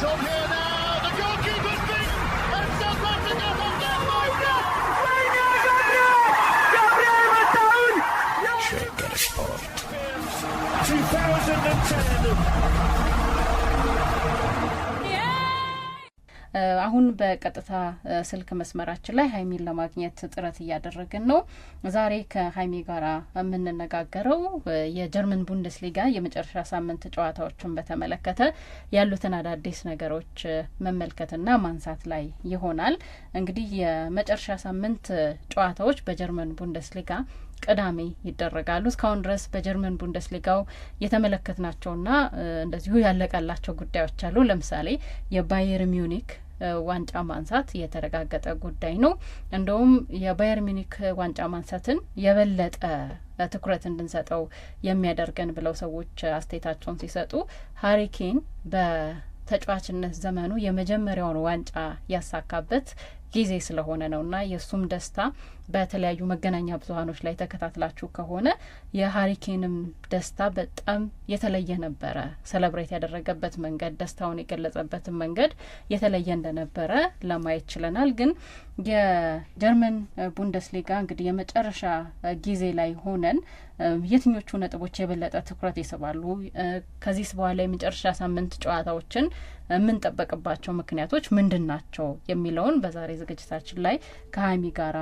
Joe Hand በቀጥታ ስልክ መስመራችን ላይ ሀይሚን ለማግኘት ጥረት እያደረግን ነው። ዛሬ ከሀይሚ ጋር የምንነጋገረው የጀርመን ቡንደስሊጋ የመጨረሻ ሳምንት ጨዋታዎችን በተመለከተ ያሉትን አዳዲስ ነገሮች መመልከትና ማንሳት ላይ ይሆናል። እንግዲህ የመጨረሻ ሳምንት ጨዋታዎች በጀርመን ቡንደስሊጋ ቅዳሜ ይደረጋሉ። እስካሁን ድረስ በጀርመን ቡንደስሊጋው የተመለከትናቸውና እንደዚሁ ያለቀላቸው ጉዳዮች አሉ። ለምሳሌ የባየር ሚዩኒክ ዋንጫ ማንሳት የተረጋገጠ ጉዳይ ነው። እንደውም የባየር ሚኒክ ዋንጫ ማንሳትን የበለጠ ትኩረት እንድንሰጠው የሚያደርገን ብለው ሰዎች አስተያየታቸውን ሲሰጡ ሀሪኬን በተጫዋችነት ዘመኑ የመጀመሪያውን ዋንጫ ያሳካበት ጊዜ ስለሆነ ነውና የእሱም ደስታ በተለያዩ መገናኛ ብዙሀኖች ላይ ተከታትላችሁ ከሆነ የሀሪኬንም ደስታ በጣም የተለየ ነበረ። ሰለብሬት ያደረገበት መንገድ፣ ደስታውን የገለጸበትን መንገድ የተለየ እንደነበረ ለማየት ችለናል። ግን የጀርመን ቡንደስሊጋ እንግዲህ የመጨረሻ ጊዜ ላይ ሆነን የትኞቹ ነጥቦች የበለጠ ትኩረት ይስባሉ? ከዚህስ በኋላ የመጨረሻ ሳምንት ጨዋታዎችን የምንጠበቅባቸው ምክንያቶች ምንድን ናቸው? የሚለውን በዛሬ ዝግጅታችን ላይ ከሀሚ ጋራ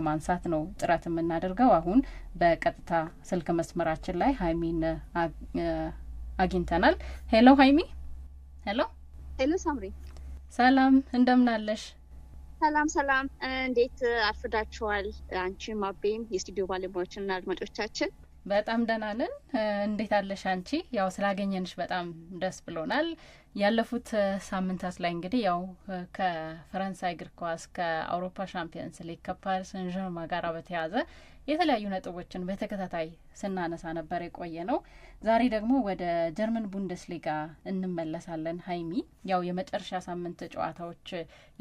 ለማንሳት ነው ጥረት የምናደርገው። አሁን በቀጥታ ስልክ መስመራችን ላይ ሀይሚን አግኝተናል። ሄሎ ሀይሚ። ሄሎ ሄሎ፣ ሳምሪ ሰላም፣ እንደምናለሽ? ሰላም ሰላም፣ እንዴት አርፍዳችኋል? አንቺም አቤም የስቱዲዮ ባለሙያዎችና አድማጮቻችን በጣም ደህና ነን። እንዴት አለሽ አንቺ? ያው ስላገኘንሽ በጣም ደስ ብሎናል። ያለፉት ሳምንታት ላይ እንግዲህ ያው ከፈረንሳይ እግር ኳስ ከአውሮፓ ሻምፒየንስ ሊግ ከፓሪስ ሰን ዠርማ ጋር በተያያዘ የተለያዩ ነጥቦችን በተከታታይ ስናነሳ ነበር የቆየ ነው። ዛሬ ደግሞ ወደ ጀርመን ቡንደስሊጋ እንመለሳለን። ሀይሚ ያው የመጨረሻ ሳምንት ጨዋታዎች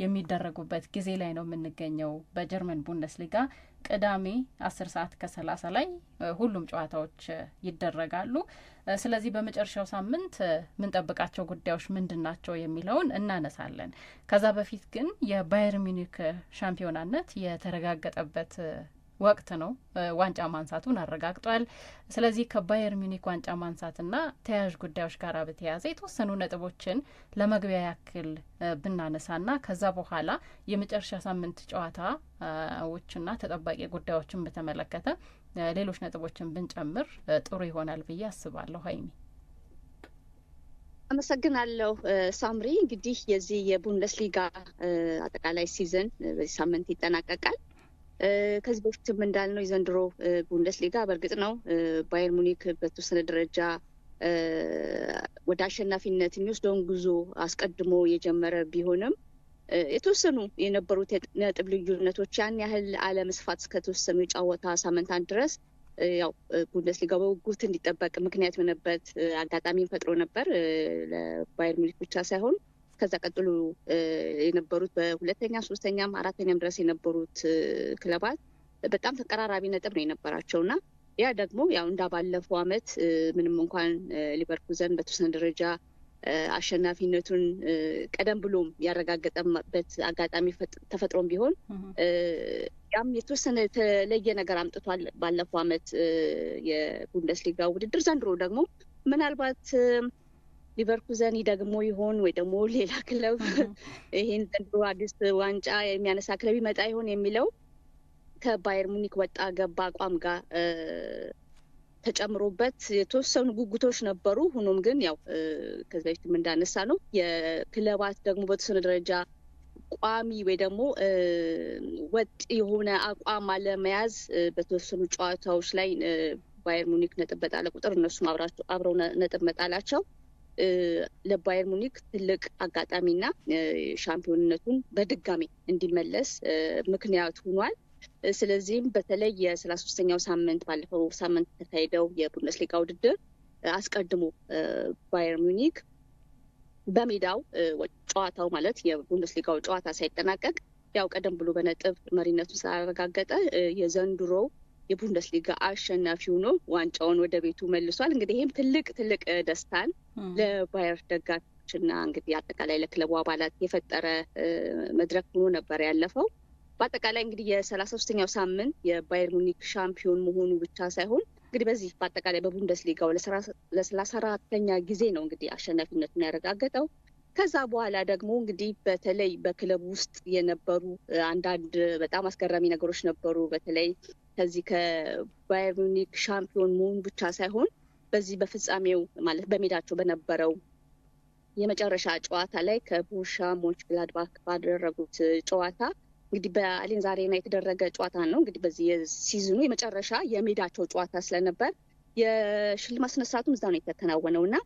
የሚደረጉበት ጊዜ ላይ ነው የምንገኘው በጀርመን ቡንደስሊጋ ቅዳሜ አስር ሰዓት ከሰላሳ ላይ ሁሉም ጨዋታዎች ይደረጋሉ። ስለዚህ በመጨረሻው ሳምንት የምንጠብቃቸው ጉዳዮች ምንድን ናቸው የሚለውን እናነሳለን። ከዛ በፊት ግን የባየር ሚኒክ ሻምፒዮናነት የተረጋገጠበት ወቅት ነው። ዋንጫ ማንሳቱን አረጋግጧል። ስለዚህ ከባየር ሚኒክ ዋንጫ ማንሳትና ተያያዥ ጉዳዮች ጋር በተያያዘ የተወሰኑ ነጥቦችን ለመግቢያ ያክል ብናነሳና ከዛ በኋላ የመጨረሻ ሳምንት ጨዋታዎችና ተጠባቂ ጉዳዮችን በተመለከተ ሌሎች ነጥቦችን ብንጨምር ጥሩ ይሆናል ብዬ አስባለሁ። ሀይሚ አመሰግናለሁ ሳምሪ። እንግዲህ የዚህ የቡንደስሊጋ አጠቃላይ ሲዝን በዚህ ሳምንት ይጠናቀቃል። ከዚህ በፊትም እንዳልነው የዘንድሮ ቡንደስሊጋ በእርግጥ ነው ባየር ሙኒክ በተወሰነ ደረጃ ወደ አሸናፊነት የሚወስደውን ጉዞ አስቀድሞ የጀመረ ቢሆንም የተወሰኑ የነበሩት የነጥብ ልዩነቶች ያን ያህል አለመስፋት እስከተወሰኑ የጨዋታ ሳምንታት ድረስ ያው ቡንደስሊጋ በውጉት እንዲጠበቅ ምክንያት የሆነበት አጋጣሚ ፈጥሮ ነበር። ለባየር ሙኒክ ብቻ ሳይሆን ከዛ ቀጥሎ የነበሩት በሁለተኛ ሶስተኛም አራተኛም ድረስ የነበሩት ክለባት በጣም ተቀራራቢ ነጥብ ነው የነበራቸው እና ያ ደግሞ ያው እንዳባለፈው አመት ምንም እንኳን ሊቨርኩዘን በተወሰነ ደረጃ አሸናፊነቱን ቀደም ብሎም ያረጋገጠበት አጋጣሚ ተፈጥሮም ቢሆን ያም የተወሰነ የተለየ ነገር አምጥቷል። ባለፈው አመት የቡንደስሊጋ ውድድር ዘንድሮ ደግሞ ምናልባት ሊቨርኩዘን ደግሞ ይሆን ወይ ደግሞ ሌላ ክለብ ይህን ዘንድሮ አዲስ ዋንጫ የሚያነሳ ክለብ ይመጣ ይሆን የሚለው ከባየር ሙኒክ ወጣ ገባ አቋም ጋር ተጨምሮበት የተወሰኑ ጉጉቶች ነበሩ። ሁኖም ግን ያው ከዚ በፊትም እንዳነሳ ነው የክለባት ደግሞ በተወሰነ ደረጃ ቋሚ ወይ ደግሞ ወጥ የሆነ አቋም አለመያዝ በተወሰኑ ጨዋታዎች ላይ ባየር ሙኒክ ነጥብ በጣለ ቁጥር እነሱም አብረው ነጥብ መጣላቸው ለባየር ሙኒክ ትልቅ አጋጣሚና ሻምፒዮንነቱን በድጋሚ እንዲመለስ ምክንያት ሆኗል። ስለዚህም በተለይ የሰላሳ ሶስተኛው ሳምንት ባለፈው ሳምንት ተካሄደው የቡንደስሊጋ ውድድር አስቀድሞ ባየር ሙኒክ በሜዳው ጨዋታው ማለት የቡንደስሊጋው ጨዋታ ሳይጠናቀቅ ያው ቀደም ብሎ በነጥብ መሪነቱን ስላረጋገጠ የዘንድሮ የቡንደስሊጋ አሸናፊ ሆኖ ዋንጫውን ወደ ቤቱ መልሷል። እንግዲህ ይህም ትልቅ ትልቅ ደስታን ለባየር ደጋፊዎችና እንግዲህ አጠቃላይ ለክለቡ አባላት የፈጠረ መድረክ ሆኖ ነበር ያለፈው። በአጠቃላይ እንግዲህ የሰላሳ ሶስተኛው ሳምንት የባየር ሙኒክ ሻምፒዮን መሆኑ ብቻ ሳይሆን እንግዲህ በዚህ በአጠቃላይ በቡንደስሊጋው ለሰላሳ አራተኛ ጊዜ ነው እንግዲህ አሸናፊነቱን ያረጋገጠው። ከዛ በኋላ ደግሞ እንግዲህ በተለይ በክለብ ውስጥ የነበሩ አንዳንድ በጣም አስገራሚ ነገሮች ነበሩ። በተለይ ከዚህ ከባየር ሙኒክ ሻምፒዮን መሆኑ ብቻ ሳይሆን በዚህ በፍጻሜው ማለት በሜዳቸው በነበረው የመጨረሻ ጨዋታ ላይ ሞች ሞንችግላድባክ ባደረጉት ጨዋታ እንግዲህ በአሌን ዛሬና የተደረገ ጨዋታ ነው። እንግዲህ በዚህ የሲዝኑ የመጨረሻ የሜዳቸው ጨዋታ ስለነበር የሽልማት ስነስርዓቱም እዛ ነው የተከናወነው እና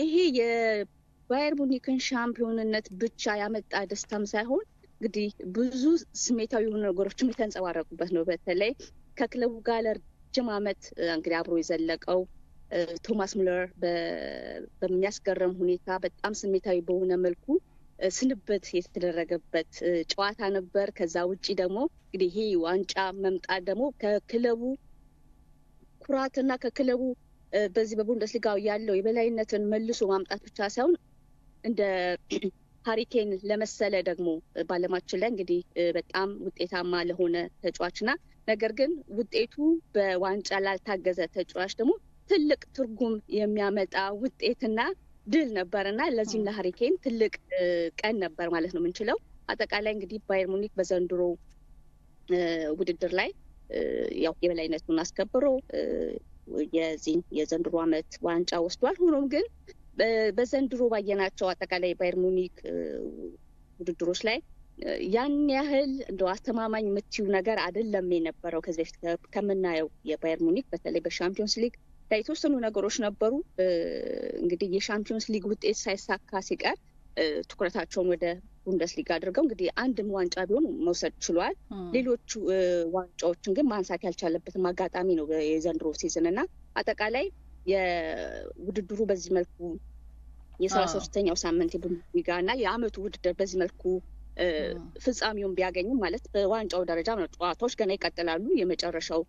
ይሄ የባየር ሙኒክን ሻምፒዮንነት ብቻ ያመጣ ደስታም ሳይሆን እንግዲህ ብዙ ስሜታዊ የሆኑ ነገሮችም የተንጸባረቁበት ነው። በተለይ ከክለቡ ጋር ለረጅም ዓመት እንግዲህ አብሮ የዘለቀው ቶማስ ሙለር በሚያስገርም ሁኔታ በጣም ስሜታዊ በሆነ መልኩ ስንበት የተደረገበት ጨዋታ ነበር። ከዛ ውጭ ደግሞ እንግዲህ ይሄ ዋንጫ መምጣት ደግሞ ከክለቡ ኩራትና ከክለቡ በዚህ በቡንደስሊጋው ያለው የበላይነትን መልሶ ማምጣት ብቻ ሳይሆን እንደ ሀሪኬን ለመሰለ ደግሞ ባለማችን ላይ እንግዲህ በጣም ውጤታማ ለሆነ ተጫዋችና ነገር ግን ውጤቱ በዋንጫ ላልታገዘ ተጫዋች ደግሞ ትልቅ ትርጉም የሚያመጣ ውጤትና ድል ነበር ለዚህም ለሀሪኬን ትልቅ ቀን ነበር ማለት ነው የምንችለው። አጠቃላይ እንግዲህ ባየር ሙኒክ በዘንድሮ ውድድር ላይ ያው የበላይነቱን አስከብሮ የዚህ የዘንድሮ ዓመት ዋንጫ ወስዷል። ሆኖም ግን በዘንድሮ ባየናቸው አጠቃላይ ባየር ሙኒክ ውድድሮች ላይ ያን ያህል እንደ አስተማማኝ የምትዩ ነገር አይደለም የነበረው ከዚህ በፊት ከምናየው የባየር ሙኒክ በተለይ በሻምፒዮንስ ሊግ የተወሰኑ ነገሮች ነበሩ። እንግዲህ የሻምፒዮንስ ሊግ ውጤት ሳይሳካ ሲቀር ትኩረታቸውን ወደ ቡንደስ ሊግ አድርገው እንግዲህ አንድም ዋንጫ ቢሆን መውሰድ ችሏል። ሌሎቹ ዋንጫዎችን ግን ማንሳት ያልቻለበትም አጋጣሚ ነው የዘንድሮ ሲዝን እና አጠቃላይ የውድድሩ በዚህ መልኩ የሰላሳ ሶስተኛው ሳምንት የቡንደስሊጋ እና የአመቱ ውድድር በዚህ መልኩ ፍጻሜውን ቢያገኝም ማለት በዋንጫው ደረጃ ነው። ጨዋታዎች ገና ይቀጥላሉ። የመጨረሻው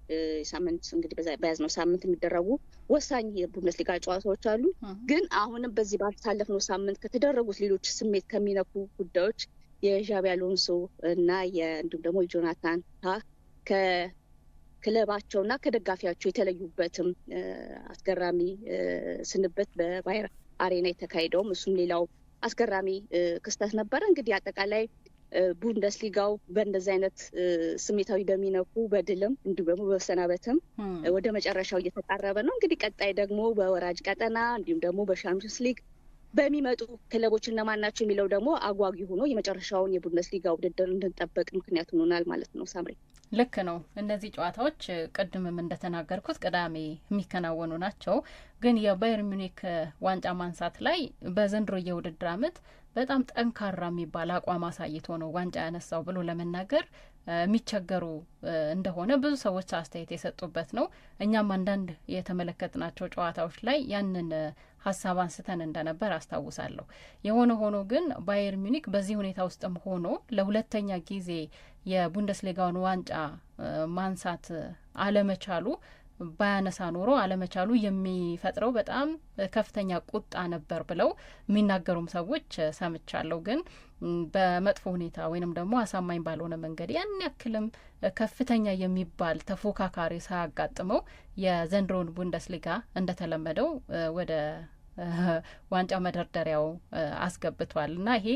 ሳምንት እንግዲህ በያዝነው ሳምንት የሚደረጉ ወሳኝ የቡንደስሊጋ ጨዋታዎች አሉ። ግን አሁንም በዚህ ባሳለፍነው ሳምንት ከተደረጉት ሌሎች ስሜት ከሚነኩ ጉዳዮች የዣቢ አሎንሶ እና እንዲሁም ደግሞ የጆናታን ታ ከክለባቸው እና ከደጋፊያቸው የተለዩበትም አስገራሚ ስንበት በባየር አሬና የተካሄደውም እሱም ሌላው አስገራሚ ክስተት ነበረ። እንግዲህ አጠቃላይ ቡንደስሊጋው በእንደዚህ አይነት ስሜታዊ በሚነኩ በድልም እንዲሁም ደግሞ በመሰናበትም ወደ መጨረሻው እየተቃረበ ነው። እንግዲህ ቀጣይ ደግሞ በወራጅ ቀጠና እንዲሁም ደግሞ በሻምፒዮንስ ሊግ በሚመጡ ክለቦች እነማን ናቸው የሚለው ደግሞ አጓጊ ሆኖ የመጨረሻውን የቡንደስሊጋ ውድድር እንድንጠበቅ ምክንያት ሆኖናል ማለት ነው ሳምሬ። ልክ ነው። እነዚህ ጨዋታዎች ቅድምም እንደተናገርኩት ቅዳሜ የሚከናወኑ ናቸው። ግን የባየር ሚኒክ ዋንጫ ማንሳት ላይ በዘንድሮ የውድድር ዓመት በጣም ጠንካራ የሚባል አቋም አሳይቶ ነው ዋንጫ ያነሳው ብሎ ለመናገር የሚቸገሩ እንደሆነ ብዙ ሰዎች አስተያየት የሰጡበት ነው። እኛም አንዳንድ የተመለከትናቸው ጨዋታዎች ላይ ያንን ሀሳብ አንስተን እንደነበር አስታውሳለሁ። የሆነ ሆኖ ግን ባየር ሚኒክ በዚህ ሁኔታ ውስጥም ሆኖ ለሁለተኛ ጊዜ የቡንደስሊጋውን ዋንጫ ማንሳት አለመቻሉ ባያነሳ ኖሮ አለመቻሉ የሚፈጥረው በጣም ከፍተኛ ቁጣ ነበር ብለው የሚናገሩም ሰዎች ሰምቻለሁ። ግን በመጥፎ ሁኔታ ወይንም ደግሞ አሳማኝ ባልሆነ መንገድ ያን ያክልም ከፍተኛ የሚባል ተፎካካሪ ሳያጋጥመው የዘንድሮን ቡንደስሊጋ እንደተለመደው ወደ ዋንጫ መደርደሪያው አስገብቷል እና ይሄ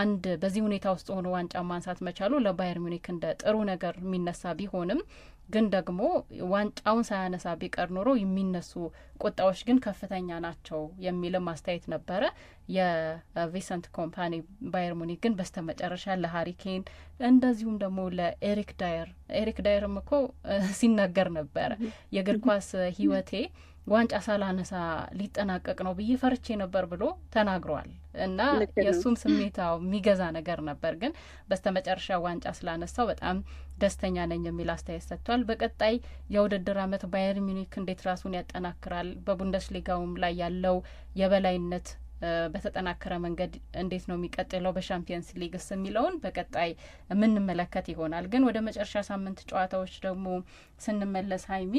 አንድ በዚህ ሁኔታ ውስጥ ሆኖ ዋንጫ ማንሳት መቻሉ ለባየር ሚኒክ እንደ ጥሩ ነገር የሚነሳ ቢሆንም ግን ደግሞ ዋንጫውን ሳያነሳ ቢቀር ኖሮ የሚነሱ ቁጣዎች ግን ከፍተኛ ናቸው የሚልም አስተያየት ነበረ። የቪሰንት ኮምፓኒ ባየር ሙኒክ ግን በስተ መጨረሻ ለሀሪኬን እንደዚሁም ደግሞ ለኤሪክ ዳየር ኤሪክ ዳየርም እኮ ሲናገር ነበረ የእግር ኳስ ህይወቴ ዋንጫ ሳላነሳ ሊጠናቀቅ ነው ብዬ ፈርቼ ነበር ብሎ ተናግሯል። እና የእሱም ስሜታው የሚገዛ ነገር ነበር፣ ግን በስተመጨረሻ ዋንጫ ስላነሳው በጣም ደስተኛ ነኝ የሚል አስተያየት ሰጥቷል። በቀጣይ የውድድር ዓመት ባየር ሚኒክ እንዴት ራሱን ያጠናክራል፣ በቡንደስሊጋውም ላይ ያለው የበላይነት በተጠናከረ መንገድ እንዴት ነው የሚቀጥለው በሻምፒየንስ ሊግስ የሚለውን በቀጣይ የምንመለከት ይሆናል። ግን ወደ መጨረሻ ሳምንት ጨዋታዎች ደግሞ ስንመለስ ሀይሚ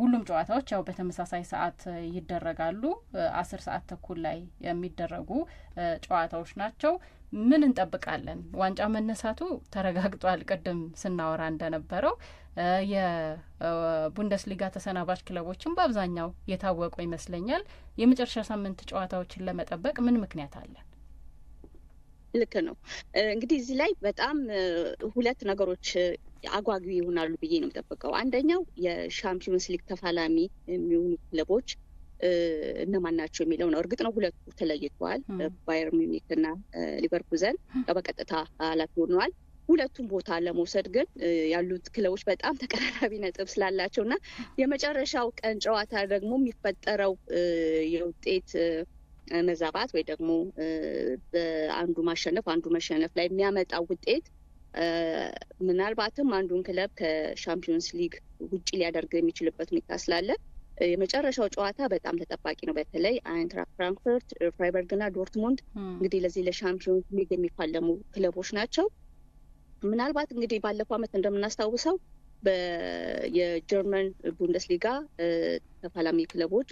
ሁሉም ጨዋታዎች ያው በተመሳሳይ ሰዓት ይደረጋሉ። አስር ሰዓት ተኩል ላይ የሚደረጉ ጨዋታዎች ናቸው። ምን እንጠብቃለን? ዋንጫ መነሳቱ ተረጋግጧል። ቅድም ስናወራ እንደነበረው የቡንደስሊጋ ተሰናባች ክለቦችን በአብዛኛው የታወቁ ይመስለኛል። የመጨረሻ ሳምንት ጨዋታዎችን ለመጠበቅ ምን ምክንያት አለ? ልክ ነው። እንግዲህ እዚህ ላይ በጣም ሁለት ነገሮች አጓጊ ይሆናሉ ብዬ ነው የምጠብቀው። አንደኛው የሻምፒዮንስ ሊግ ተፋላሚ የሚሆኑ ክለቦች እነማን ናቸው የሚለው ነው። እርግጥ ነው ሁለቱ ተለይተዋል። ባየር ሚኒክ እና ሊቨርኩዘን በቀጥታ አላት ሆነዋል። ሁለቱም ቦታ ለመውሰድ ግን ያሉት ክለቦች በጣም ተቀራራቢ ነጥብ ስላላቸው እና የመጨረሻው ቀን ጨዋታ ደግሞ የሚፈጠረው የውጤት መዛባት ወይ ደግሞ አንዱ ማሸነፍ አንዱ መሸነፍ ላይ የሚያመጣው ውጤት ምናልባትም አንዱን ክለብ ከሻምፒዮንስ ሊግ ውጭ ሊያደርግ የሚችልበት ሁኔታ ስላለ የመጨረሻው ጨዋታ በጣም ተጠባቂ ነው። በተለይ አይንትራክት ፍራንክፈርት፣ ፍራይበርግ እና ዶርትሙንድ እንግዲህ ለዚህ ለሻምፒዮንስ ሊግ የሚፋለሙ ክለቦች ናቸው። ምናልባት እንግዲህ ባለፈው ዓመት እንደምናስታውሰው የጀርመን ቡንደስሊጋ ተፋላሚ ክለቦች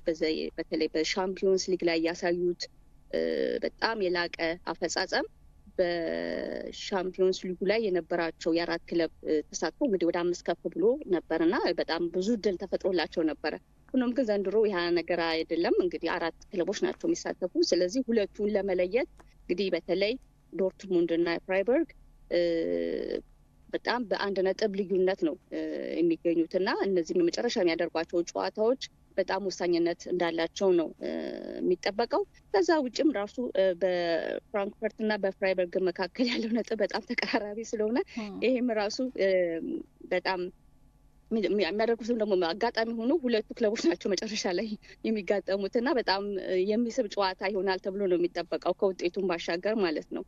በተለይ በሻምፒዮንስ ሊግ ላይ ያሳዩት በጣም የላቀ አፈጻጸም በሻምፒዮንስ ሊጉ ላይ የነበራቸው የአራት ክለብ ተሳትፎ እንግዲህ ወደ አምስት ከፍ ብሎ ነበር እና በጣም ብዙ እድል ተፈጥሮላቸው ነበረ። ሆኖም ግን ዘንድሮ ያ ነገር አይደለም። እንግዲህ አራት ክለቦች ናቸው የሚሳተፉ። ስለዚህ ሁለቱን ለመለየት እንግዲህ በተለይ ዶርትሙንድ እና ፍራይበርግ በጣም በአንድ ነጥብ ልዩነት ነው የሚገኙት እና እነዚህም የመጨረሻ የሚያደርጓቸው ጨዋታዎች በጣም ወሳኝነት እንዳላቸው ነው የሚጠበቀው። ከዛ ውጭም ራሱ በፍራንክፈርት እና በፍራይበርግ መካከል ያለው ነጥብ በጣም ተቀራራቢ ስለሆነ ይህም ራሱ በጣም የሚያደርጉትም ደግሞ አጋጣሚ ሆኖ ሁለቱ ክለቦች ናቸው መጨረሻ ላይ የሚጋጠሙት እና በጣም የሚስብ ጨዋታ ይሆናል ተብሎ ነው የሚጠበቀው ከውጤቱን ባሻገር ማለት ነው።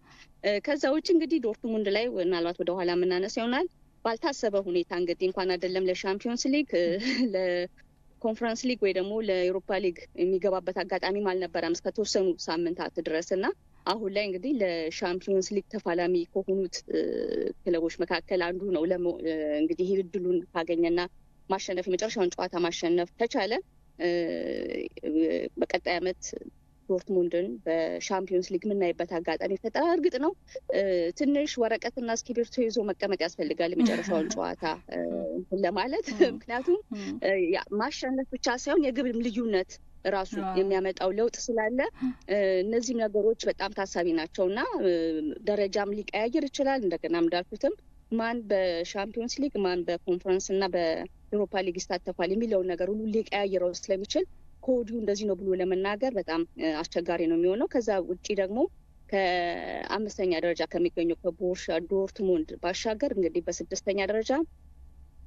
ከዛ ውጭ እንግዲህ ዶርትሙንድ ላይ ምናልባት ወደኋላ የምናነሳ ይሆናል። ባልታሰበ ሁኔታ እንግዲህ እንኳን አይደለም ለሻምፒዮንስ ሊግ ለኮንፈረንስ ሊግ ወይ ደግሞ ለኤሮፓ ሊግ የሚገባበት አጋጣሚም አልነበረም እስከተወሰኑ ሳምንታት ድረስ እና አሁን ላይ እንግዲህ ለሻምፒዮንስ ሊግ ተፋላሚ ከሆኑት ክለቦች መካከል አንዱ ነው። እንግዲህ እድሉን ካገኘና ማሸነፍ የመጨረሻውን ጨዋታ ማሸነፍ ከቻለ በቀጣይ ዓመት ዶርትሙንድን በሻምፒዮንስ ሊግ የምናይበት አጋጣሚ ይፈጠራል። እርግጥ ነው ትንሽ ወረቀትና እስክሪብቶ ይዞ መቀመጥ ያስፈልጋል የመጨረሻውን ጨዋታ ለማለት ምክንያቱም ማሸነፍ ብቻ ሳይሆን የግብም ልዩነት ራሱ የሚያመጣው ለውጥ ስላለ እነዚህም ነገሮች በጣም ታሳቢ ናቸው እና ደረጃም ሊቀያየር ይችላል። እንደገና እንዳልኩትም ማን በሻምፒዮንስ ሊግ ማን በኮንፈረንስ እና በኤሮፓ ሊግ ይሳተፋል የሚለውን ነገር ሁሉ ሊቀያየረው ስለሚችል ከወዲሁ እንደዚህ ነው ብሎ ለመናገር በጣም አስቸጋሪ ነው የሚሆነው። ከዛ ውጭ ደግሞ ከአምስተኛ ደረጃ ከሚገኘው ከቦርሻ ዶርትሙንድ ባሻገር እንግዲህ በስድስተኛ ደረጃ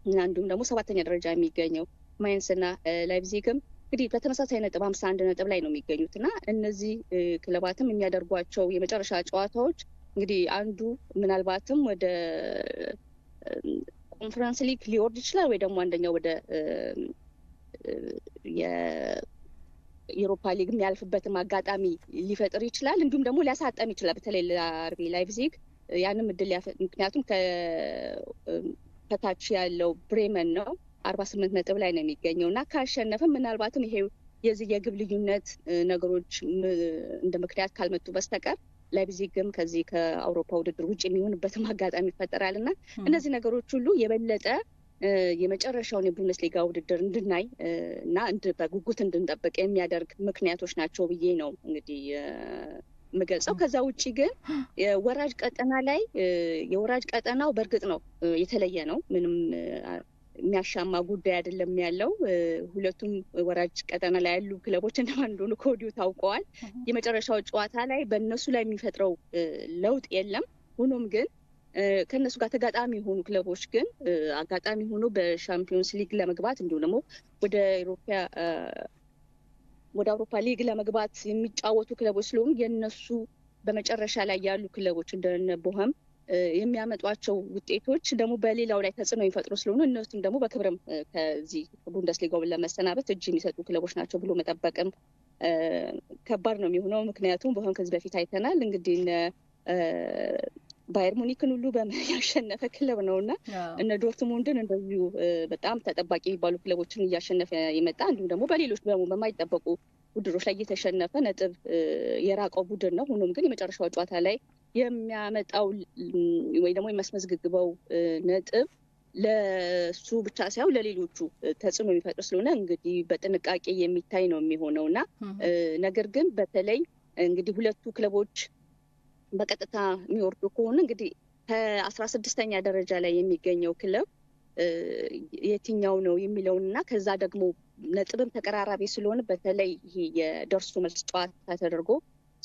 እና እንዲሁም ደግሞ ሰባተኛ ደረጃ የሚገኘው ማይንስ እና ላይፕዚግም እንግዲህ በተመሳሳይ ነጥብ ሀምሳ አንድ ነጥብ ላይ ነው የሚገኙት እና እነዚህ ክለባትም የሚያደርጓቸው የመጨረሻ ጨዋታዎች እንግዲህ አንዱ ምናልባትም ወደ ኮንፈረንስ ሊግ ሊወርድ ይችላል ወይ ደግሞ አንደኛው ወደ የኤሮፓ ሊግ የሚያልፍበትም አጋጣሚ ሊፈጥር ይችላል። እንዲሁም ደግሞ ሊያሳጠም ይችላል በተለይ ለአርቢ ላይፕዚግ ያንም እድል ምክንያቱም ከታች ያለው ብሬመን ነው አርባ ስምንት ነጥብ ላይ ነው የሚገኘው እና ካሸነፈ ምናልባትም ይሄ የዚህ የግብ ልዩነት ነገሮች እንደ ምክንያት ካልመጡ በስተቀር ላይፕዚግም ከዚህ ከአውሮፓ ውድድር ውጭ የሚሆንበትም አጋጣሚ ይፈጠራል እና እነዚህ ነገሮች ሁሉ የበለጠ የመጨረሻውን የቡንደስሊጋ ውድድር እንድናይ እና በጉጉት እንድንጠብቅ የሚያደርግ ምክንያቶች ናቸው ብዬ ነው እንግዲህ የምገልጸው። ከዛ ውጭ ግን ወራጅ ቀጠና ላይ የወራጅ ቀጠናው በእርግጥ ነው የተለየ ነው። ምንም የሚያሻማ ጉዳይ አይደለም ያለው። ሁለቱም ወራጅ ቀጠና ላይ ያሉ ክለቦች እነማን እንደሆኑ ከወዲሁ ታውቀዋል። የመጨረሻው ጨዋታ ላይ በእነሱ ላይ የሚፈጥረው ለውጥ የለም። ሆኖም ግን ከእነሱ ጋር ተጋጣሚ የሆኑ ክለቦች ግን አጋጣሚ ሆኖ በሻምፒዮንስ ሊግ ለመግባት እንዲሁም ደግሞ ወደ ኢሮፓ ወደ አውሮፓ ሊግ ለመግባት የሚጫወቱ ክለቦች ስለሆኑ የእነሱ በመጨረሻ ላይ ያሉ ክለቦች እንደነ ቦሀም የሚያመጧቸው ውጤቶች ደግሞ በሌላው ላይ ተጽዕኖ የሚፈጥሩ ስለሆኑ እነሱም ደግሞ በክብርም ከዚህ ቡንደስሊጋውን ለመሰናበት እጅ የሚሰጡ ክለቦች ናቸው ብሎ መጠበቅም ከባድ ነው የሚሆነው። ምክንያቱም በሆን ከዚህ በፊት አይተናል እንግዲህ ባየር ሙኒክን ሁሉ ያሸነፈ ክለብ ነው እና እነ ዶርትሙንድን እንደዚሁ በጣም ተጠባቂ የሚባሉ ክለቦችን እያሸነፈ የመጣ እንዲሁም ደግሞ በሌሎች በሙ በማይጠበቁ ውድድሮች ላይ እየተሸነፈ ነጥብ የራቀው ቡድን ነው። ሆኖም ግን የመጨረሻው ጨዋታ ላይ የሚያመጣው ወይ ደግሞ የሚያስመዝግበው ነጥብ ለሱ ብቻ ሳይሆን ለሌሎቹ ተጽዕኖ የሚፈጥር ስለሆነ እንግዲህ በጥንቃቄ የሚታይ ነው የሚሆነው እና ነገር ግን በተለይ እንግዲህ ሁለቱ ክለቦች በቀጥታ የሚወርዱ ከሆነ እንግዲህ ከአስራ ስድስተኛ ደረጃ ላይ የሚገኘው ክለብ የትኛው ነው የሚለውን እና ከዛ ደግሞ ነጥብም ተቀራራቢ ስለሆነ በተለይ ይሄ የደርሶ መልስ ጨዋታ ተደርጎ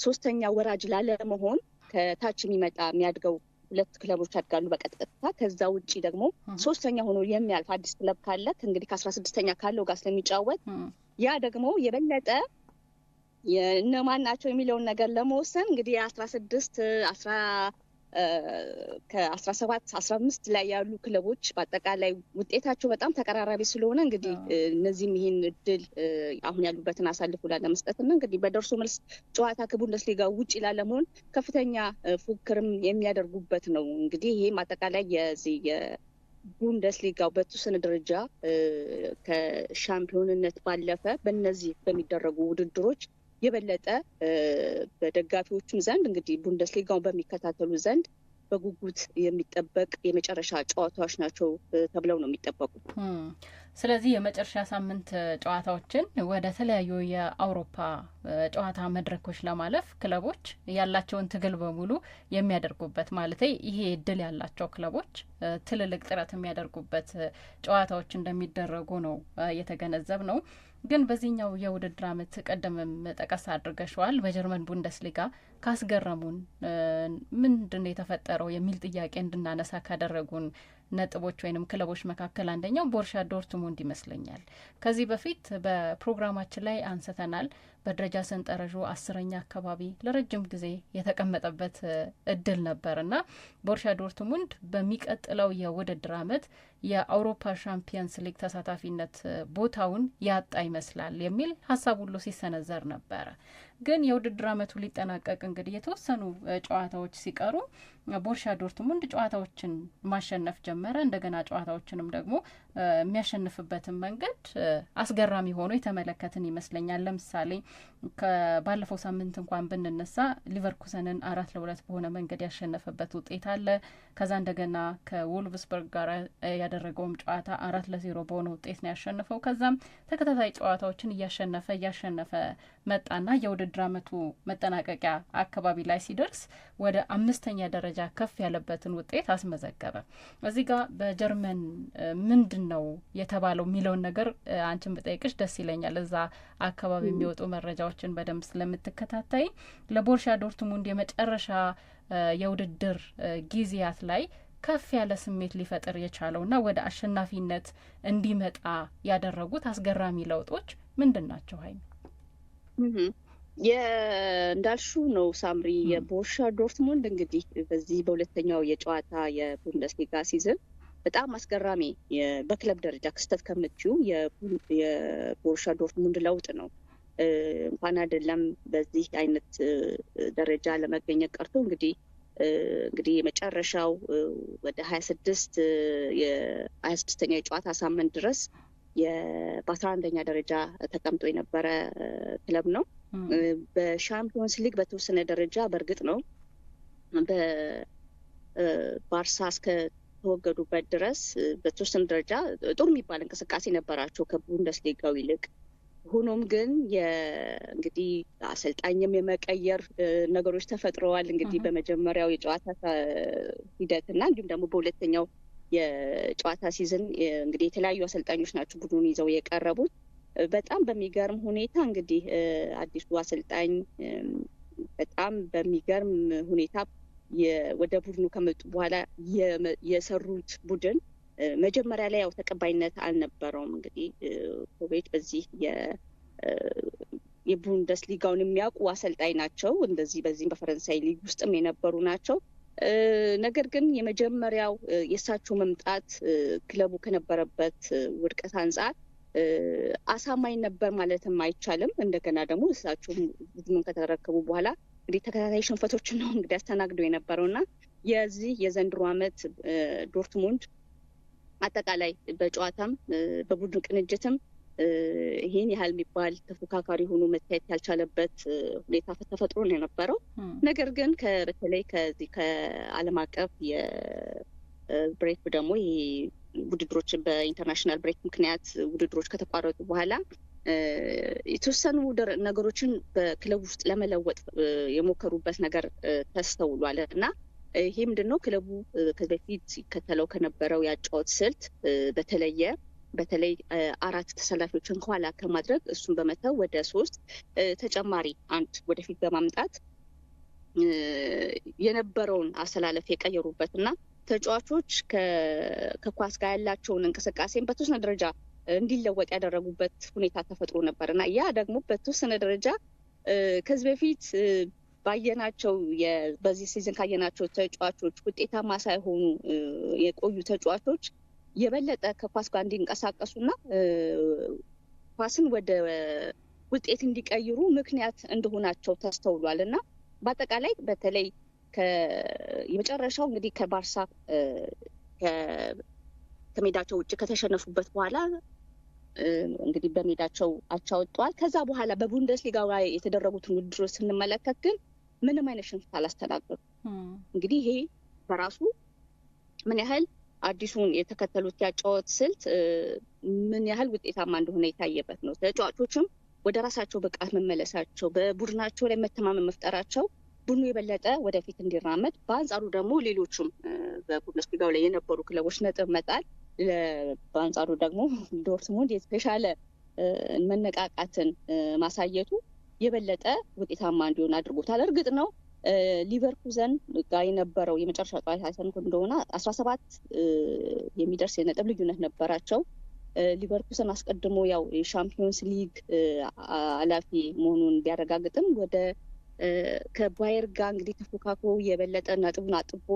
ሶስተኛ ወራጅ ላለመሆን ከታች የሚመጣ የሚያድገው ሁለት ክለቦች ያድጋሉ በቀጥታ ከዛ ውጭ ደግሞ ሶስተኛ ሆኖ የሚያልፍ አዲስ ክለብ ካለ እንግዲህ ከአስራ ስድስተኛ ካለው ጋር ስለሚጫወት ያ ደግሞ የበለጠ እነማን ናቸው የሚለውን ነገር ለመወሰን እንግዲህ የአስራ ስድስት አስራ ከ17 15 ላይ ያሉ ክለቦች በአጠቃላይ ውጤታቸው በጣም ተቀራራቢ ስለሆነ እንግዲህ እነዚህም ይህን እድል አሁን ያሉበትን አሳልፎ ላለመስጠትና እንግዲህ በደርሶ መልስ ጨዋታ ከቡንደስሊጋ ውጭ ላለመሆን ከፍተኛ ፉክርም የሚያደርጉበት ነው። እንግዲህ ይህም አጠቃላይ የዚህ ቡንደስሊጋው በተወሰነ ደረጃ ከሻምፒዮንነት ባለፈ በነዚህ በሚደረጉ ውድድሮች የበለጠ በደጋፊዎቹም ዘንድ እንግዲህ ቡንደስሊጋውን በሚከታተሉ ዘንድ በጉጉት የሚጠበቅ የመጨረሻ ጨዋታዎች ናቸው ተብለው ነው የሚጠበቁት። ስለዚህ የመጨረሻ ሳምንት ጨዋታዎችን ወደ ተለያዩ የአውሮፓ ጨዋታ መድረኮች ለማለፍ ክለቦች ያላቸውን ትግል በሙሉ የሚያደርጉበት ማለት ይሄ እድል ያላቸው ክለቦች ትልልቅ ጥረት የሚያደርጉበት ጨዋታዎች እንደሚደረጉ ነው የተገነዘብ ነው። ግን በዚህኛው የውድድር አመት ቀደም መጠቀስ አድርገሸዋል በጀርመን ቡንደስሊጋ ካስገረሙን ምንድን የተፈጠረው የሚል ጥያቄ እንድናነሳ ካደረጉን ነጥቦች ወይም ክለቦች መካከል አንደኛው ቦርሻ ዶርትሙንድ ይመስለኛል። ከዚህ በፊት በፕሮግራማችን ላይ አንስተናል። በደረጃ ሰንጠረዡ አስረኛ አካባቢ ለረጅም ጊዜ የተቀመጠበት እድል ነበር እና ቦርሻ ዶርትሙንድ በሚቀጥለው የውድድር ዓመት የአውሮፓ ሻምፒየንስ ሊግ ተሳታፊነት ቦታውን ያጣ ይመስላል የሚል ሀሳብ ሁሉ ሲሰነዘር ነበረ። ግን የውድድር አመቱ ሊጠናቀቅ እንግዲህ የተወሰኑ ጨዋታዎች ሲቀሩ ቦርሻ ዶርትሙንድ ጨዋታዎችን ማሸነፍ ጀመረ። እንደገና ጨዋታዎችንም ደግሞ የሚያሸንፍበትን መንገድ አስገራሚ ሆኖ የተመለከትን ይመስለኛል። ለምሳሌ ከባለፈው ሳምንት እንኳን ብንነሳ ሊቨርኩሰንን አራት ለሁለት በሆነ መንገድ ያሸነፈበት ውጤት አለ። ከዛ እንደገና ከውልቭስበርግ ጋር ያደረገውም ጨዋታ አራት ለዜሮ በሆነ ውጤት ነው ያሸነፈው። ከዛም ተከታታይ ጨዋታዎችን እያሸነፈ እያሸነፈ መጣና የውድድር አመቱ መጠናቀቂያ አካባቢ ላይ ሲደርስ ወደ አምስተኛ ደረጃ ከፍ ያለበትን ውጤት አስመዘገበ። እዚህ ጋር በጀርመን ምንድን ነው የተባለው የሚለውን ነገር አንቺን ብጠይቅሽ ደስ ይለኛል። እዛ አካባቢ የሚወጡ መረጃዎችን በደንብ ስለምትከታተይ ለቦርሻ ዶርትሙንድ የመጨረሻ የውድድር ጊዜያት ላይ ከፍ ያለ ስሜት ሊፈጥር የቻለውና ወደ አሸናፊነት እንዲመጣ ያደረጉት አስገራሚ ለውጦች ምንድን ናቸው? ሀይ እንዳልሹ ነው ሳምሪ። የቦርሻ ዶርትሙንድ እንግዲህ በዚህ በሁለተኛው የጨዋታ የቡንደስሊጋ ሲዝን በጣም አስገራሚ በክለብ ደረጃ ክስተት ከምትዩ የቦርሻ ዶርትሙንድ ለውጥ ነው። እንኳን አይደለም በዚህ አይነት ደረጃ ለመገኘት ቀርቶ እንግዲህ እንግዲህ የመጨረሻው ወደ ሀያ ስድስት ስድስተኛ የጨዋታ ሳምንት ድረስ በአስራ አንደኛ ደረጃ ተቀምጦ የነበረ ክለብ ነው። በሻምፒዮንስ ሊግ በተወሰነ ደረጃ በእርግጥ ነው በባርሳ እስከ እስከተወገዱበት ድረስ በተወሰኑ ደረጃ ጥሩ የሚባል እንቅስቃሴ ነበራቸው ከቡንደስሊጋው ይልቅ። ሆኖም ግን እንግዲህ አሰልጣኝም የመቀየር ነገሮች ተፈጥረዋል። እንግዲህ በመጀመሪያው የጨዋታ ሂደት እና እንዲሁም ደግሞ በሁለተኛው የጨዋታ ሲዝን እንግዲህ የተለያዩ አሰልጣኞች ናቸው ቡድኑን ይዘው የቀረቡት። በጣም በሚገርም ሁኔታ እንግዲህ አዲሱ አሰልጣኝ በጣም በሚገርም ሁኔታ ወደ ቡድኑ ከመጡ በኋላ የሰሩት ቡድን መጀመሪያ ላይ ያው ተቀባይነት አልነበረውም። እንግዲህ ኮቤች በዚህ የቡንደስ ሊጋውን የሚያውቁ አሰልጣኝ ናቸው። እንደዚህ በዚህም በፈረንሳይ ሊግ ውስጥም የነበሩ ናቸው። ነገር ግን የመጀመሪያው የእሳቸው መምጣት ክለቡ ከነበረበት ውድቀት አንጻር አሳማኝ ነበር ማለትም አይቻልም። እንደገና ደግሞ እሳቸውም ቡድኑን ከተረከቡ በኋላ እንግዲህ ተከታታይ ሽንፈቶችን ነው እንግዲህ አስተናግዶ የነበረው እና የዚህ የዘንድሮ አመት ዶርትሙንድ አጠቃላይ በጨዋታም በቡድን ቅንጅትም ይህን ያህል የሚባል ተፎካካሪ ሆኖ መታየት ያልቻለበት ሁኔታ ተፈጥሮ ነው የነበረው። ነገር ግን በተለይ ከዚህ ከዓለም አቀፍ የብሬክ ደግሞ ውድድሮች በኢንተርናሽናል ብሬክ ምክንያት ውድድሮች ከተቋረጡ በኋላ የተወሰኑ ነገሮችን በክለብ ውስጥ ለመለወጥ የሞከሩበት ነገር ተስተውሏል እና ይሄ ምንድን ነው ክለቡ ከበፊት በፊት ይከተለው ከነበረው ያጫወት ስልት በተለየ በተለይ አራት ተሰላፊዎችን ከኋላ ከማድረግ እሱን በመተው ወደ ሶስት ተጨማሪ አንድ ወደፊት በማምጣት የነበረውን አሰላለፍ የቀየሩበት እና ተጫዋቾች ከኳስ ጋር ያላቸውን እንቅስቃሴን በተወሰነ ደረጃ እንዲለወጥ ያደረጉበት ሁኔታ ተፈጥሮ ነበር እና ያ ደግሞ በተወሰነ ደረጃ ከዚህ በፊት ባየናቸው በዚህ ሲዝን ካየናቸው ተጫዋቾች ውጤታማ ሳይሆኑ የቆዩ ተጫዋቾች የበለጠ ከኳስ ጋር እንዲንቀሳቀሱና ኳስን ወደ ውጤት እንዲቀይሩ ምክንያት እንደሆናቸው ተስተውሏል እና በአጠቃላይ በተለይ የመጨረሻው እንግዲህ ከባርሳ ከሜዳቸው ውጭ ከተሸነፉበት በኋላ እንግዲህ በሜዳቸው አቻ ወጥተዋል። ከዛ በኋላ ላይ የተደረጉትን ውድድሮች ስንመለከት ግን ምንም አይነት ሽንፈት አላስተናገዱ። እንግዲህ ይሄ በራሱ ምን ያህል አዲሱን የተከተሉት ያጫወት ስልት ምን ያህል ውጤታማ እንደሆነ የታየበት ነው። ተጫዋቾችም ወደ ራሳቸው ብቃት መመለሳቸው፣ በቡድናቸው ላይ መተማመን መፍጠራቸው ቡድኑ የበለጠ ወደፊት እንዲራመድ፣ በአንጻሩ ደግሞ ሌሎቹም በቡንደስሊጋው ላይ የነበሩ ክለቦች ነጥብ መጣል በአንጻሩ ደግሞ ዶርትሙንድ የተሻለ መነቃቃትን ማሳየቱ የበለጠ ውጤታማ እንዲሆን አድርጎታል። እርግጥ ነው ሊቨርኩዘን ጋር የነበረው የመጨረሻ ጨዋታ አይተንኩ እንደሆነ አስራ ሰባት የሚደርስ የነጥብ ልዩነት ነበራቸው። ሊቨርኩሰን አስቀድሞ ያው የሻምፒዮንስ ሊግ አላፊ መሆኑን ቢያረጋግጥም ወደ ከባየር ጋር እንግዲህ ተፎካክሮ የበለጠ ነጥቡን አጥቦ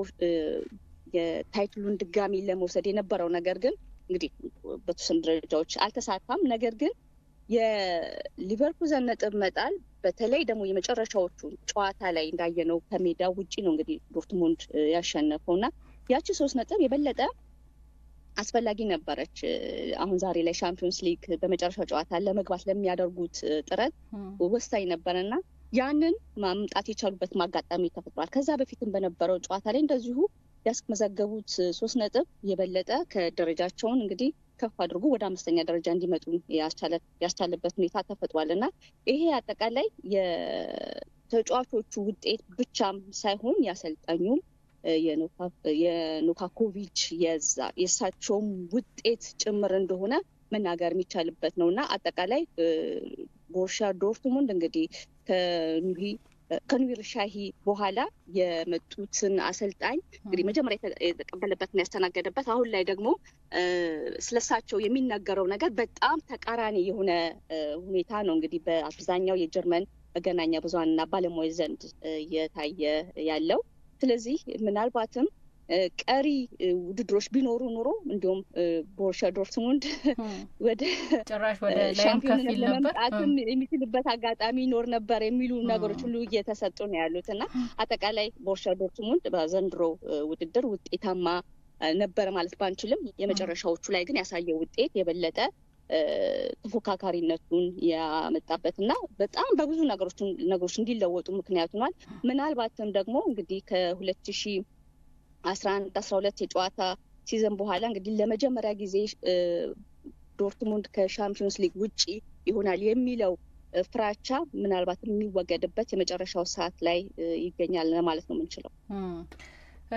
የታይትሉን ድጋሚ ለመውሰድ የነበረው ነገር ግን እንግዲህ በተወሰኑ ደረጃዎች አልተሳካም። ነገር ግን የሊቨርኩዘን ነጥብ መጣል በተለይ ደግሞ የመጨረሻዎቹ ጨዋታ ላይ እንዳየነው ከሜዳ ውጪ ነው እንግዲህ ዶርትሙንድ ያሸነፈው እና ያቺ ሶስት ነጥብ የበለጠ አስፈላጊ ነበረች። አሁን ዛሬ ላይ ሻምፒዮንስ ሊግ በመጨረሻው ጨዋታ ለመግባት ለሚያደርጉት ጥረት ወሳኝ ነበረ እና ያንን ማምጣት የቻሉበት ማጋጣሚ ተፈጥሯል። ከዛ በፊትም በነበረው ጨዋታ ላይ እንደዚሁ ያስመዘገቡት ሶስት ነጥብ የበለጠ ከደረጃቸውን እንግዲህ ከፍ አድርጎ ወደ አምስተኛ ደረጃ እንዲመጡ ያስቻለበት ሁኔታ ተፈጥሯል እና ይሄ አጠቃላይ የተጫዋቾቹ ውጤት ብቻም ሳይሆን ያሰልጣኙም የኖካኮቪች የእሳቸውም ውጤት ጭምር እንደሆነ መናገር የሚቻልበት ነው እና አጠቃላይ ቦርሻ ዶርትሙንድ እንግዲህ ከኒውሂ ከኑዌር ሻሂ በኋላ የመጡትን አሰልጣኝ እንግዲህ መጀመሪያ የተቀበለበት ያስተናገደበት አሁን ላይ ደግሞ ስለሳቸው የሚነገረው ነገር በጣም ተቃራኒ የሆነ ሁኔታ ነው። እንግዲህ በአብዛኛው የጀርመን መገናኛ ብዙሃንና ባለሙያዎች ዘንድ እየታየ ያለው ስለዚህ ምናልባትም ቀሪ ውድድሮች ቢኖሩ ኑሮ እንዲሁም ቦርሻ ዶርትሙንድ ወደ ሻምፒዮንነት ለመምጣትም የሚችልበት አጋጣሚ ይኖር ነበር የሚሉ ነገሮች ሁሉ እየተሰጡ ነው ያሉት እና አጠቃላይ ቦርሻ ዶርትሙንድ በዘንድሮ ውድድር ውጤታማ ነበረ ማለት ባንችልም የመጨረሻዎቹ ላይ ግን ያሳየው ውጤት የበለጠ ተፎካካሪነቱን ያመጣበት እና በጣም በብዙ ነገሮች እንዲለወጡ ምክንያት ሆኗል። ምናልባትም ደግሞ እንግዲህ ከሁለት ሺህ አስራ አንድ አስራ ሁለት የጨዋታ ሲዘን በኋላ እንግዲህ ለመጀመሪያ ጊዜ ዶርትሙንድ ከሻምፒዮንስ ሊግ ውጪ ይሆናል የሚለው ፍራቻ ምናልባት የሚወገድበት የመጨረሻው ሰዓት ላይ ይገኛል ለማለት ነው የምንችለው።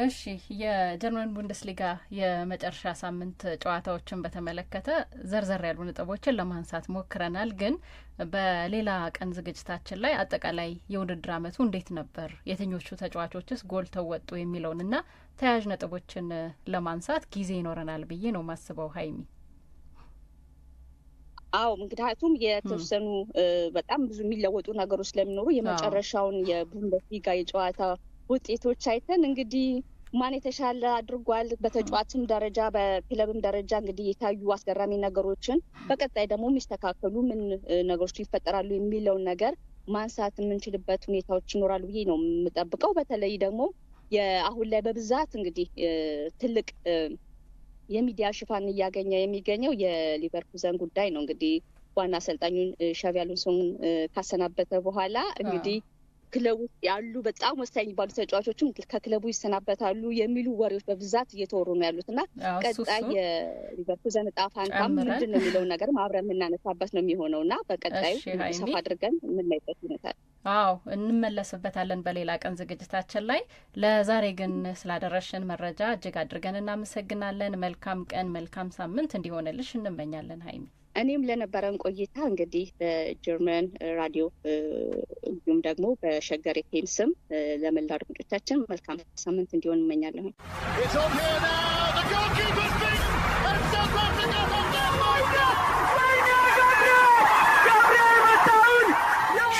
እሺ የጀርመን ቡንደስሊጋ የመጨረሻ ሳምንት ጨዋታዎችን በተመለከተ ዘርዘር ያሉ ነጥቦችን ለማንሳት ሞክረናል። ግን በሌላ ቀን ዝግጅታችን ላይ አጠቃላይ የውድድር ዓመቱ እንዴት ነበር፣ የትኞቹ ተጫዋቾችስ ጎልተው ወጡ የሚለውንና ተያያዥ ነጥቦችን ለማንሳት ጊዜ ይኖረናል ብዬ ነው ማስበው። ሀይሚ አዎ፣ ምክንያቱም የተወሰኑ በጣም ብዙ የሚለወጡ ነገሮች ስለሚኖሩ የመጨረሻውን የቡንደስሊጋ የጨዋታ ውጤቶች አይተን እንግዲህ ማን የተሻለ አድርጓል በተጫዋችም ደረጃ በክለብም ደረጃ እንግዲህ የታዩ አስገራሚ ነገሮችን በቀጣይ ደግሞ የሚስተካከሉ ምን ነገሮች ይፈጠራሉ የሚለውን ነገር ማንሳት የምንችልበት ሁኔታዎች ይኖራሉ ብዬ ነው የምጠብቀው። በተለይ ደግሞ አሁን ላይ በብዛት እንግዲህ ትልቅ የሚዲያ ሽፋን እያገኘ የሚገኘው የሊቨርኩዘን ጉዳይ ነው። እንግዲህ ዋና አሰልጣኙን ሻቢ አሎንሶን ካሰናበተ በኋላ እንግዲህ ክለቡ ያሉ በጣም ወሳኝ የሚባሉ ተጫዋቾችም ከክለቡ ይሰናበታሉ የሚሉ ወሬዎች በብዛት እየተወሩ ነው ያሉት እና ቀጣይ የሊቨርኩዘን እጣ ፈንታም ምንድን ነው የሚለውን ነገር አብረን የምናነሳበት ነው የሚሆነው እና በቀጣዩ ሰፋ አድርገን የምናይበት ይሆናል። አዎ እንመለስበታለን በሌላ ቀን ዝግጅታችን ላይ። ለዛሬ ግን ስላደረሽን መረጃ እጅግ አድርገን እናመሰግናለን። መልካም ቀን፣ መልካም ሳምንት እንዲሆንልሽ እንመኛለን ሀይሚ። እኔም ለነበረን ቆይታ እንግዲህ በጀርመን ራዲዮ እንዲሁም ደግሞ በሸገር ኤፍኤም ስም ለመላ አድማጮቻችን መልካም ሳምንት እንዲሆን እመኛለሁኝ።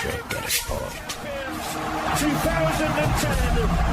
ሸገር ስፖርት